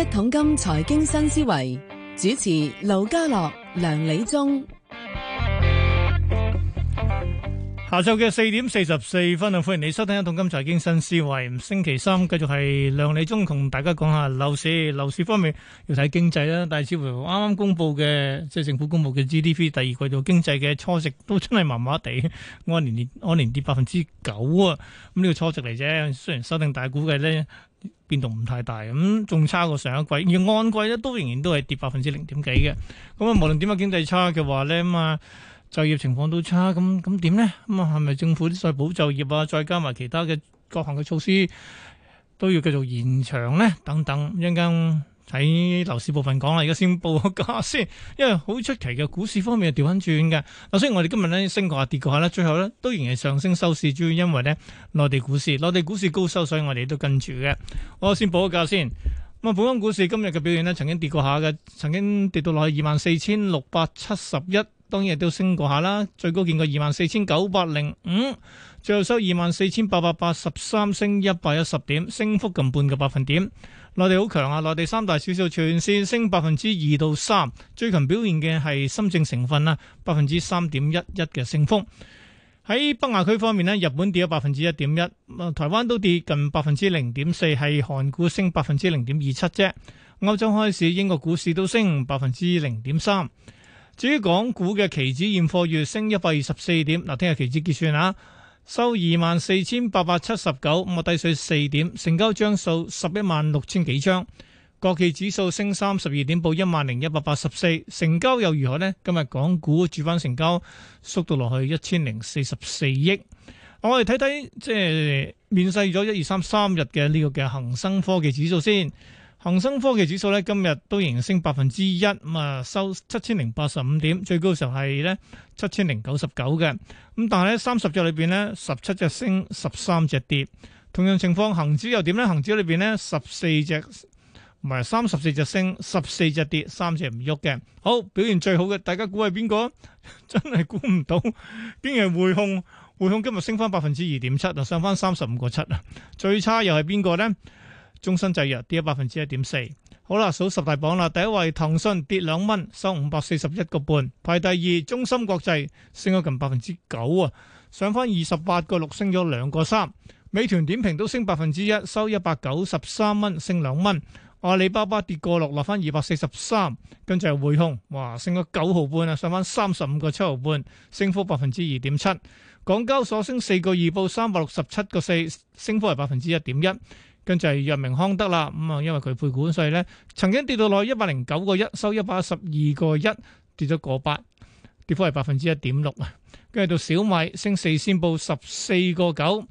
一桶金財經新思維主持盧家樂、梁理中，下晝嘅四點四十四分啊！歡迎你收聽一桶金財經新思維。星期三繼續係梁理中同大家講下樓市。樓市方面要睇經濟啦，但係似乎啱啱公布嘅即係政府公布嘅 GDP 第二季度經濟嘅初值都真係麻麻地，按年，年跌按年跌百分之九啊！咁呢個初值嚟啫，雖然修訂大估計呢。變動唔太大，咁、嗯、仲差過上一季，而按季咧都仍然都係跌百分之零點幾嘅。咁、嗯、啊，無論點啊，經濟差嘅話咧，咁啊就業情況都差，咁咁點咧？咁啊係咪政府再保就業啊？再加埋其他嘅各行嘅措施都要繼續延長咧？等等，應該。喺樓市部分講啦，而家先報個價先，因為好出奇嘅，股市方面又調翻轉嘅。啊，所以我哋今日咧升過下、跌過下啦，最後咧都仍然係上升收市，主要因為咧內地股市，內地股市高收，所以我哋都跟住嘅。我先報個價先。咁啊，本港股市今日嘅表現咧，曾經跌過下嘅，曾經跌到落去二萬四千六百七十一。當然都升過下啦，最高見過二萬四千九百零五，最後收二萬四千八百八十三，升一百一十點，升幅近半個百分點。內地好強啊，內地三大指數全線升百分之二到三，3, 最強表現嘅係深證成分啦，百分之三點一一嘅升幅。喺北亞區方面呢，日本跌咗百分之一點一，啊台灣都跌近百分之零點四，係韓股升百分之零點二七啫。歐洲開市，英國股市都升百分之零點三。至於港股嘅期指現貨月升一百二十四點，嗱，聽日期指結算啊，收二萬四千八百七十九，咁啊低水四點，成交張數十一萬六千幾張，國企指數升三十二點，報一萬零一百八十四，成交又如何呢？今日港股主板成交縮到落去一千零四十四億，我哋睇睇即係面世咗一二三三日嘅呢、這個嘅恒生科技指數先。恒生科技指數咧今日都仍然升百分之一，咁啊、嗯、收七千零八十五點，最高時候係咧七千零九十九嘅。咁但係咧三十隻裏邊咧，十七隻升，十三隻跌。同樣情況，恒指又點咧？恒指裏邊咧十四隻唔係三十四隻升，十四隻跌，三隻唔喐嘅。好表現最好嘅，大家估係邊個？ 真係估唔到，竟然匯控匯控今日升翻百分之二點七，啊上翻三十五個七啊。最差又係邊個咧？中芯製藥跌咗百分之一點四，好啦，數十大榜啦。第一位騰訊跌兩蚊，收五百四十一個半。排第二，中芯國際升咗近百分之九啊，上翻二十八個六，升咗兩個三。美團點評都升百分之一，收一百九十三蚊，升兩蚊。阿里巴巴跌個六，落翻二百四十三，跟住係匯控哇，升咗九毫半啊，上翻三十五個七毫半，升幅百分之二點七。港交所升四個二報，報三百六十七個四，升幅係百分之一點一。跟住係藥明康德啦，咁啊，因為佢配股，所以咧曾經跌到落一百零九個一，收一百一十二個一，跌咗個八，跌幅係百分之一點六啊。跟住到小米升四仙報十四個九，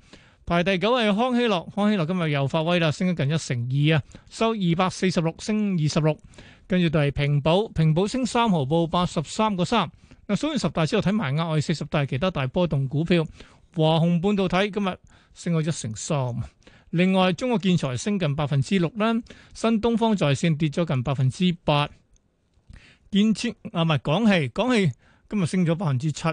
排第九係康希諾，康希諾今日又發威啦，升咗近一成二啊，收二百四十六，升二十六。跟住就係平保，平保升三毫報八十三個三。嗱，數完十大之後睇埋額外四十大，其他大波動股票華虹半導體今日升咗一成三。另外，中國建材升近百分之六啦，新東方在綫跌咗近百分之八，建設啊唔係港氣，港氣今日升咗百分之七，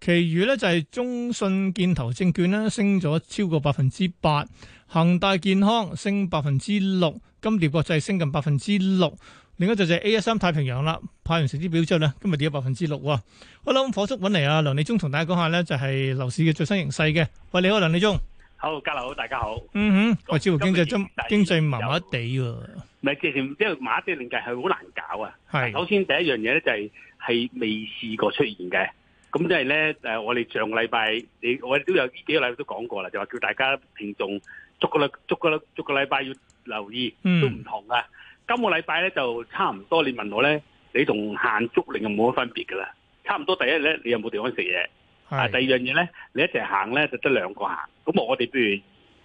其餘咧就係中信建投證券咧升咗超過百分之八，恒大健康升百分之六，金蝶國際升近百分之六，另一隻就係 ASM 太平洋啦，派完成績表之後咧，今日跌咗百分之六。好啦，火速搵嚟啊梁理中同大家講下咧，就係樓市嘅最新形勢嘅。喂，你好，梁理中。好，加油，大家好。嗯嗯，我知道經濟真經濟麻麻地喎。咪即係即係麻麻地定係係好難搞啊？係。的的首先第一樣嘢咧就係、是、係未試過出現嘅。咁即係咧誒，我哋上個禮拜你我都有呢幾個禮拜都講過啦，就話叫大家聽眾逐個禮逐個禮逐個禮拜要留意，嗯、都唔同噶。今個禮拜咧就差唔多，你問我咧，你同限足令又冇乜分別㗎啦。差唔多第一日咧，你有冇地方食嘢？是啊！第二樣嘢咧，你一隻行咧，就得兩個行。咁我哋不如，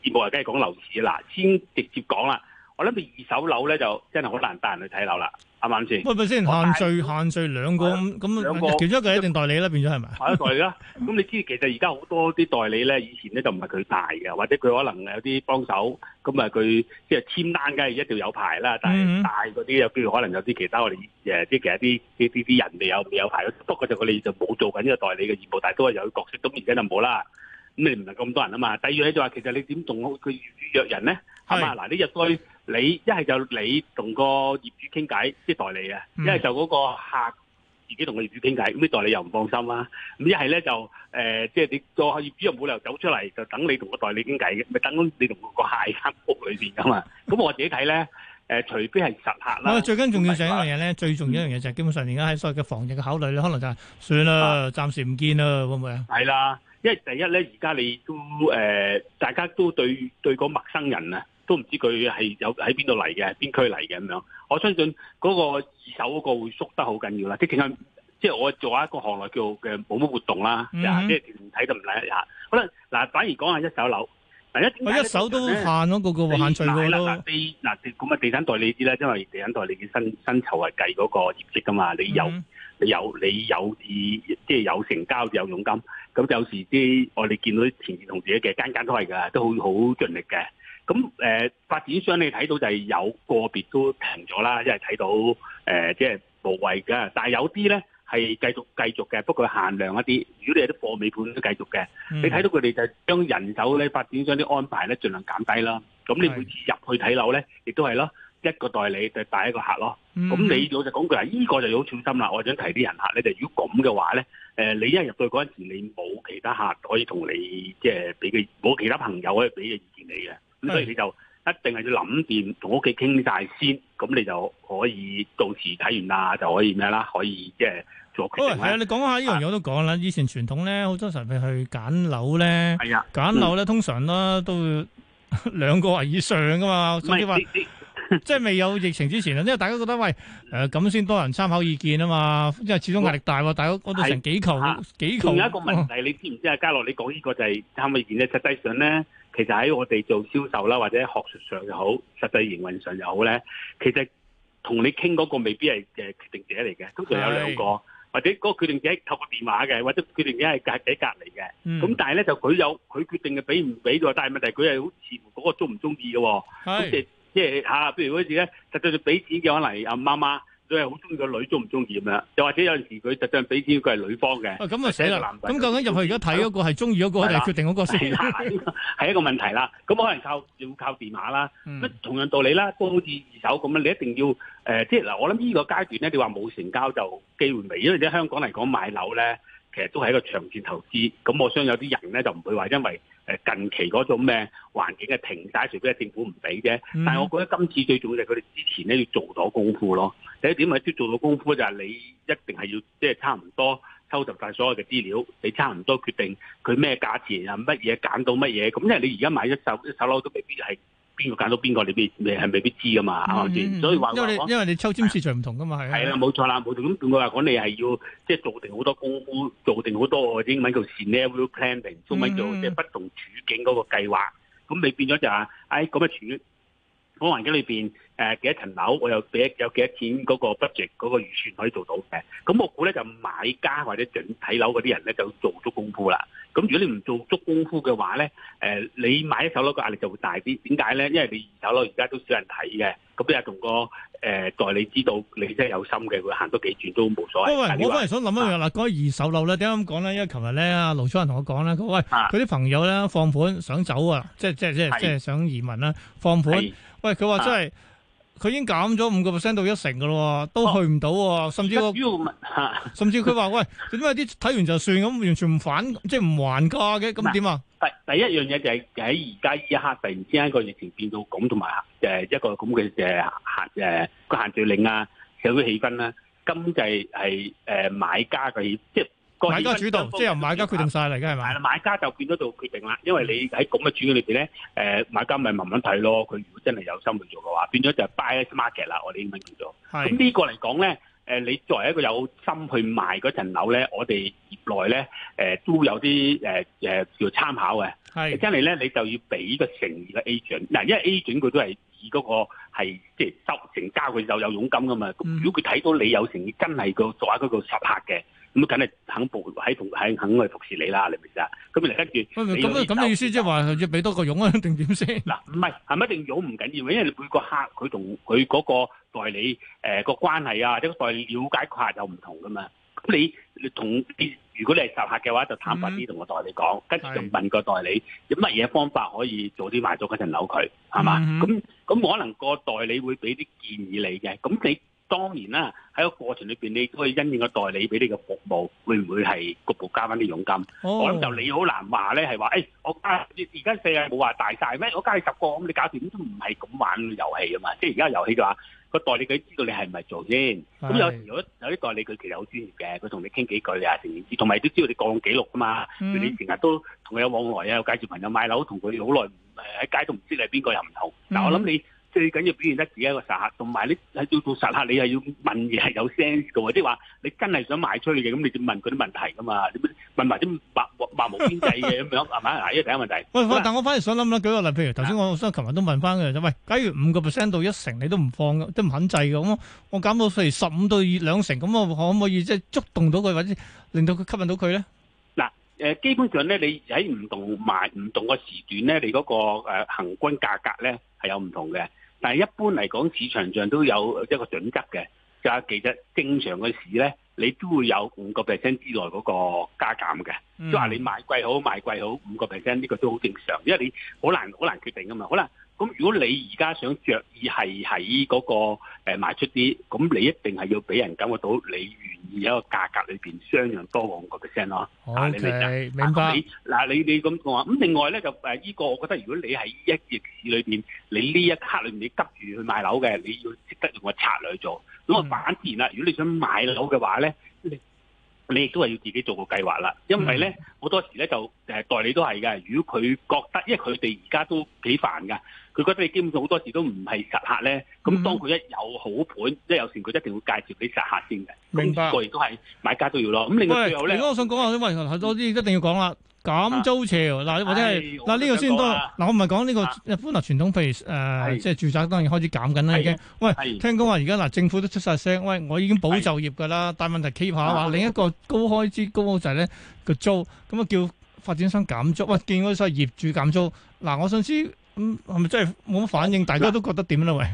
節目又梗係講樓市啦，先直接講啦。我諗住二手樓咧，就真係好難帶人去睇樓啦。啱啱先？喂咪先，等等限聚限聚兩個咁，咁其中一個一定代理啦，變咗係咪？係代理啦，咁你知其實而家好多啲代理咧，以前咧就唔係佢帶嘅，或者佢可能有啲幫手，咁啊佢即係簽單梗係一定要有牌啦，但係帶嗰啲有機會可能有啲其他我哋即啲其他啲啲啲人哋有未有牌，不過就我哋就冇做緊呢個代理嘅業務，但係都係有角色，咁而家就冇啦。咁你唔係咁多人啊嘛？第二就係話，其實你點仲好？佢預約人咧？係啊！嗱，呢一堆你一係就你同個業主傾偈，即係代理啊；一係、嗯、就嗰個客自己同個業主傾偈，咁啲代理又唔放心啦、啊。咁一係咧就誒、是，即、呃、係、就是、你個業主又冇理由走出嚟，就等你同個代理傾偈嘅，咪等你同個客喺間屋裏邊㗎嘛。咁 我自己睇咧，誒、呃，除非係實客啦。最緊重要就係一樣嘢咧，最重要一樣嘢就係基本上而家喺所謂嘅防疫嘅考慮咧，可能就係算啦，啊、暫時唔見啦，會唔會啊？係啦，因為第一咧，而家你都誒、呃，大家都對對個陌生人啊。都唔知佢係有喺邊度嚟嘅，邊區嚟嘅咁樣。我相信嗰個二手嗰個會縮得好緊要啦。即係其實，即係我做一個行內叫嘅冇乜活動啦，即係睇都唔睇一下。可能嗱，反而講下一手樓嗱，一一手都限咯，個個限住㗎啦。地嗱咁啊，地產代理啲咧，因為地產代理嘅薪薪酬係計嗰個業績㗎嘛，你有你有你有，即係有成交有佣金。咁有時啲我哋見到同事同自己嘅間間都係㗎，都好好盡力嘅。咁誒、呃、發展商你睇到就係有個別都停咗啦，因為睇到誒即係無謂㗎。但係有啲咧係繼續繼續嘅，不過限量一啲。如果你有啲貨尾盤都繼續嘅，嗯、你睇到佢哋就將人手咧發展商啲安排咧盡量減低啦。咁你每次入去睇樓咧，亦都係咯一個代理就是、帶一個客咯。咁、嗯、你老實講句話，依、這個就好小心啦。我想提啲人客咧，就是、如果咁嘅話咧、呃，你一入去嗰陣時，你冇其他客可以同你即係俾佢，冇其他朋友可以俾嘅意見你嘅。所以你就一定係要諗掂，同屋企傾晒先，咁你就可以到時睇完啦，就可以咩啦，可以即係做決定。係啊，你講下呢樣嘢我都講啦。以前傳統咧，好多時候去揀樓咧，揀樓咧通常咧都兩個或以上噶嘛。所以話即係未有疫情之前啊，因為大家覺得喂，誒咁先多人參考意見啊嘛，因為始終壓力大，大家嗰度成幾球幾球。仲有一個問題，你知唔知啊？嘉樂，你講呢個就係參考意見，實際上咧。其實喺我哋做銷售啦，或者學術上又好，實際營運上又好咧，其實同你傾嗰個未必係誒決定者嚟嘅，通常有兩個，啊、或者嗰個決定者透過電話嘅，或者決定者係隔喺隔離嘅。咁、嗯、但係咧就佢有佢決定嘅俾唔俾喎，但係問題佢係好視乎嗰個中唔中意嘅喎。即係即係嚇，譬如好似咧，實際上俾錢嘅可能阿媽媽。佢係好中意個女，中唔中意咁啦？又或者有陣時佢實際俾錢佢係女方嘅。咁啊寫個男啦。咁究竟入去而家睇嗰個係中意嗰個定係、嗯、決定嗰個先？係係一個問題啦。咁可能靠要靠電話啦。嗯、同樣道理啦，都好似二手咁樣，你一定要誒、呃，即係嗱，我諗呢個階段咧，你話冇成交就機會未。因為你喺香港嚟講買樓咧，其實都係一個長線投資。咁我相信有啲人咧就唔會話因為。誒近期嗰種咩環境嘅停晒，除非係政府唔俾啫。嗯、但係我覺得今次最重要係佢哋之前咧要做到功夫咯。第一點係要做到功夫就係你一定係要即係差唔多收集晒所有嘅資料，你差唔多決定佢咩價錢啊，乜嘢揀到乜嘢。咁因為你而家買一手一手樓都未必係。邊個揀到邊個，你未未係未必知噶嘛，係咪先？所以話因，說因為你抽籤市場唔同噶嘛，係係啦，冇的的錯啦，冇同咁。換句話講你係要即係做定好多功夫，做定好很多英文叫事咧，會 planning n 做埋做即係不同處境嗰個計劃。咁、嗯嗯、你變咗就係、是，哎咁嘅處境、那個、環境裏邊，誒、呃、幾多層樓，我又俾有幾多錢嗰個 budget 嗰個預算可以做到嘅。咁我估咧就買家或者整睇樓嗰啲人咧，就做足功夫啦。咁如果你唔做足功夫嘅話咧，誒、呃，你買一手樓個壓力就會大啲。點解咧？因為你二手樓而家都少人睇嘅。咁今日同個誒、呃、代理知道你真係有心嘅，會行多幾轉都冇所謂。喂我反而想諗一樣，嗱、啊，講起二手樓咧，點解咁講咧？因為琴日咧，盧人他啊盧昌雲同我講咧，佢喂佢啲朋友咧放盤想走啊，即係是即係即係即係想移民啦、啊，放盤。是喂，佢話真係。啊佢已經減咗五個 percent 到一成嘅咯，都去唔到，甚至個，甚至佢話：喂，點解啲睇完就算咁，完全唔反，即係唔還價嘅，咁點啊？第第一樣嘢就係喺而家呢一刻，突然之間個疫情變到咁，同埋誒一個咁嘅誒限誒限聚令啊，社會氣氛咧，今季係誒買家嘅，即係。買家主導，即係由買家決定晒嚟嘅係咪？係啦吧，買家就變咗做決定啦，因為你喺咁嘅主嘅裏邊咧，誒買家咪慢慢睇咯。佢如果真係有心去做嘅話，變咗就係 buy market 啦。我哋應該叫做。係咁呢個嚟講咧，誒你作為一個有心去賣嗰層樓咧，我哋業內咧誒都有啲誒誒叫參考嘅。係是真係咧，你就要俾個誠意嘅 agent 嗱，因為 agent 佢都係以嗰個係即係收成交，佢就有佣金㗎嘛。如果佢睇到你有誠意，真係個作為嗰個實客嘅。咁梗係肯服喺同喺肯去服侍你啦，你咪、嗯、就明啊？咁嚟得住咁你意思，即係話要俾多個傭啊，定點先？嗱，唔係係咪一定傭唔緊要，因為你每個客佢同佢嗰個代理誒、呃、個關係啊，即者個代理了解下就唔同噶嘛。咁你你同，如果你係熟客嘅話，就坦白啲同個代理講，嗯、哼跟住就問個代理是有乜嘢方法可以早啲賣咗嗰層樓佢，係嘛？咁咁、嗯、哼可能個代理會俾啲建議你嘅，咁你。當然啦，喺個過程裏邊，你都可以因應個代理俾你嘅服務，會唔會係局部加翻啲佣金？我諗就你好難話咧，係話，誒，我加你而家四日冇話大曬咩？我加你十個，咁你搞掂都唔係咁玩遊戲啊嘛！即係而家遊戲就話個代理佢知道你係咪做先。咁有時如果有啲代理佢其實好專業嘅，佢同你傾幾句啊，成件事，同埋都知道你過往記錄㗎嘛。你成日都同佢有往來啊，有介紹朋友買樓，同佢哋好耐誒喺街都唔知你係邊個，又唔同。但係我諗你，最緊要表現得自己一個實客，同埋你喺做到實客你、就是你你，你係要問嘢係有 sense 嘅喎，即係話你真係想賣出嚟嘅，咁你要問佢啲問題噶嘛？問埋啲百百無邊際嘅咁樣係咪？第一個問題。喂，麼但我反而想諗啦，舉個例，譬如頭先我、啊、我琴日都問翻嘅，喂，假如五個 percent 到一成你都唔放嘅，即唔肯制嘅，咁我減到譬如十五到兩成，咁我可唔可以即係觸動到佢，或者令到佢吸引到佢咧？嗱、啊，誒、呃、基本上咧，你喺唔同賣唔同嘅時段咧，你嗰、那個誒、呃、行軍價格咧係有唔同嘅。但係一般嚟講，市場上都有一個準則嘅，就係其實正常嘅市咧，你都會有五個 percent 之內嗰個加減嘅，即係話你賣貴好賣貴好五個 percent 呢個都好正常，因為你好難好難決定㗎嘛，好啦，咁如果你而家想着意係喺嗰個誒賣、呃、出啲，咁你一定係要俾人感覺到你預。而一個價格裏邊相若多個五個 percent 咯，OK 你明白？嗱你你咁講啊，咁另外咧就誒依個，我覺得如果你喺一逆市裏邊，你呢一刻裏面你急住去買樓嘅，你要識得用個策略去做。咁啊反自然啦，如果你想買樓嘅話咧，你你亦都係要自己做個計劃啦，因為咧好多時咧就誒代理都係噶，如果佢覺得，因為佢哋而家都幾煩噶。佢覺得你基本上好多時都唔係實客咧，咁當佢一有好盤，即係有時，佢一定會介紹畀實客先嘅。明白。亦都係買家都要咯。咁另外，如果我想講下，喂，多啲一定要講啦。減租潮嗱，或者係嗱呢個先多。嗱我唔係講呢個一般啊，傳統譬如誒，即係住宅當然開始減緊啦，已經。喂，聽講話而家嗱，政府都出晒聲，喂，我已經保就業㗎啦。但問題 Keep 下話另一個高開支高就係咧個租，咁啊叫發展商減租。喂，見嗰啲曬業主減租。嗱，我想知。咁係咪真係冇乜反應？大家都覺得點咧？喂，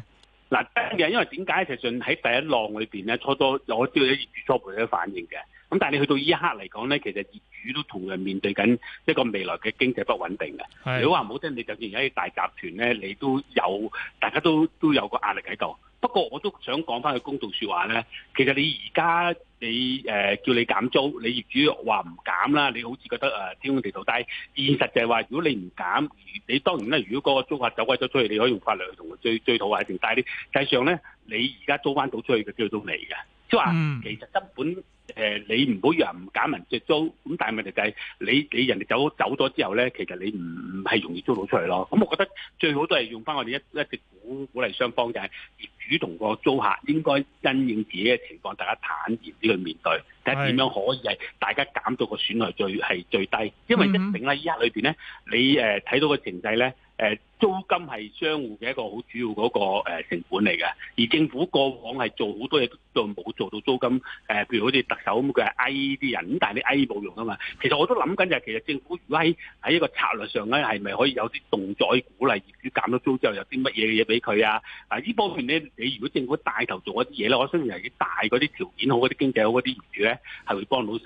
嗱，驚嘅，因為點解？其實喺第一浪裏邊咧，初初我知道咗業主初步有反應嘅。咁但係你去到依一刻嚟講咧，其實業主都同樣面對緊一個未來嘅經濟不穩定嘅。你好話唔好聽，你就算而家啲大集團咧，你都有大家都都有個壓力喺度。不過我都想講翻去公道說話咧，其實你而家你、呃、叫你減租，你業主話唔減啦，你好似覺得、呃、天昏地暗。但係現實就係話，如果你唔減，你當然咧，如果嗰個租客走鬼咗出去，你可以用法律去同佢追追討一定。但係你實際上咧，你而家租翻到出去嘅機會都未嘅。即話係，嗯、其實根本誒，你唔好以為唔減人住租，咁但係問題就係你你人哋走走咗之後咧，其實你唔唔係容易租到出嚟咯。咁我覺得最好都係用翻我哋一一直鼓鼓勵雙方，就係業主同個租客應該因應自己嘅情況，大家坦然啲去面對，睇下點樣可以係大家減到個損害最係最低。因為一定咧依家裏邊咧，你誒、呃、睇到個情勢咧。誒租金係商戶嘅一個好主要嗰個成本嚟嘅，而政府過往係做好多嘢都冇做到租金誒，譬如好似特首咁，佢係 A 啲人，咁但係你 A 冇用啊嘛。其實我都諗緊就係其實政府如果喺喺一個策略上咧，係咪可以有啲動作去鼓勵業主減咗租之後有啲乜嘢嘅嘢俾佢啊？嗱、啊，依方面咧，你如果政府帶頭做一啲嘢咧，我相信係大嗰啲條件好、嗰啲經濟好、嗰啲業主咧，係會幫到手。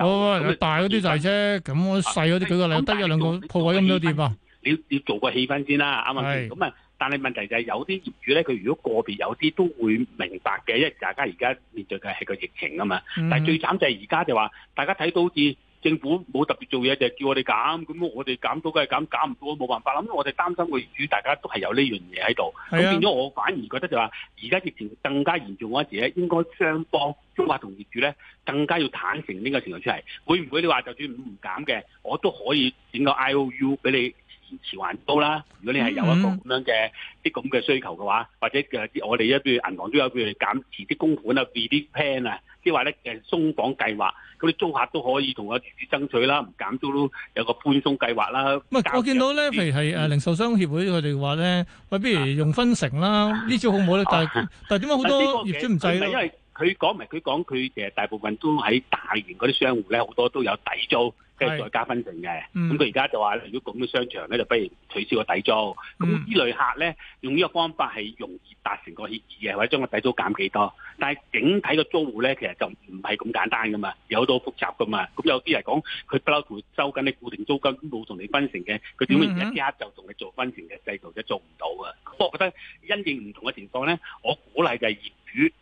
的嗯、大嗰啲就係啫，咁細嗰啲舉個例，得一兩個鋪位咁都點啊？你要做個氣氛先啦，啱唔啱先？咁啊，但係問題就係有啲業主咧，佢如果個別有啲都會明白嘅，因為大家而家面對嘅係個疫情啊嘛。嗯、但係最慘就係而家就話，大家睇到好似政府冇特別做嘢，就叫我哋減，咁我哋減到梗係減，減唔到都冇辦法啦。咁因為我哋擔心個業主大家都係有呢樣嘢喺度，咁、啊、變咗我反而覺得就話，而家疫情更加嚴重嗰時咧，應該雙方中華同業主咧更加要坦誠呢個情況出嚟。會唔會你話就算唔減嘅，我都可以整個 I O U 俾你？遲還都啦，嗯嗯、如果你係有一個咁樣嘅啲咁嘅需求嘅話，或者嘅啲我哋一譬如銀行都有譬如減持啲公款啊，備啲 plan 啊，即係話咧誒鬆綁計劃，咁啲租客都可以同阿業主爭取啦，唔減租都有個寬鬆計劃啦。唔係我見到咧，譬如係誒零售商協會佢哋話咧，喂，不如用分成啦，呢、啊啊、招好唔好咧？但但係點解好多業主唔制咧？因為佢講埋，佢講，佢其實大部分都喺大型嗰啲商戶咧，好多都有抵租。即是再加分成嘅，咁佢而家就話：如果咁嘅商場咧，就不如不取消個底租。咁呢類客咧，用呢個方法係容易達成個協議，或者將個底租減幾多。但係整體個租戶咧，其實就唔係咁簡單噶嘛，有好多複雜噶嘛。咁有啲嚟講，佢不嬲同收緊啲固定租金，冇同你分成嘅，佢點會一即刻就同你做分成嘅制度就做唔到啊？嗯、哼我覺得因應唔同嘅情況咧，我鼓勵就係。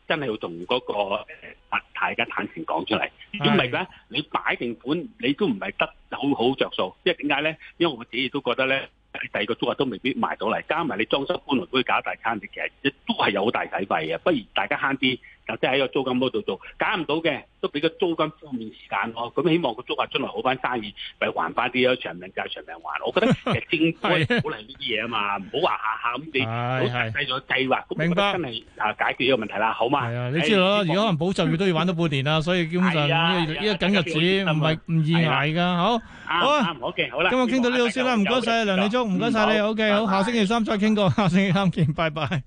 真係要同嗰、嗰個物大嘅坦誠講出嚟，咁唔呢，咧，你擺定款你都唔係得好，好好着數，因為點解咧？因為我自己都覺得咧，第二個租客都未必買到嚟，加埋你裝修搬來搬去搞大餐，嘅其實都係有好大使費嘅，不如大家慳啲。就即係喺個租金嗰度做，揀唔到嘅，都俾個租金寬緩時間喎。咁希望個租客出嚟好翻生意，咪還翻啲咯，長命債長命還。我覺得其實政府好難呢啲嘢啊嘛，唔好話下下咁你，好細咗計劃，咁我真係啊解決呢個問題啦，好嘛？係啊，你知道啦，如果可能補習佢都要玩到半年啦，所以基本上呢個緊日子，唔係唔易捱噶。好好，唔好嘅，好啦，今日傾到呢度先啦，唔該晒梁理中，唔該晒你，OK，好，下星期三再傾過，下星期三見，拜拜。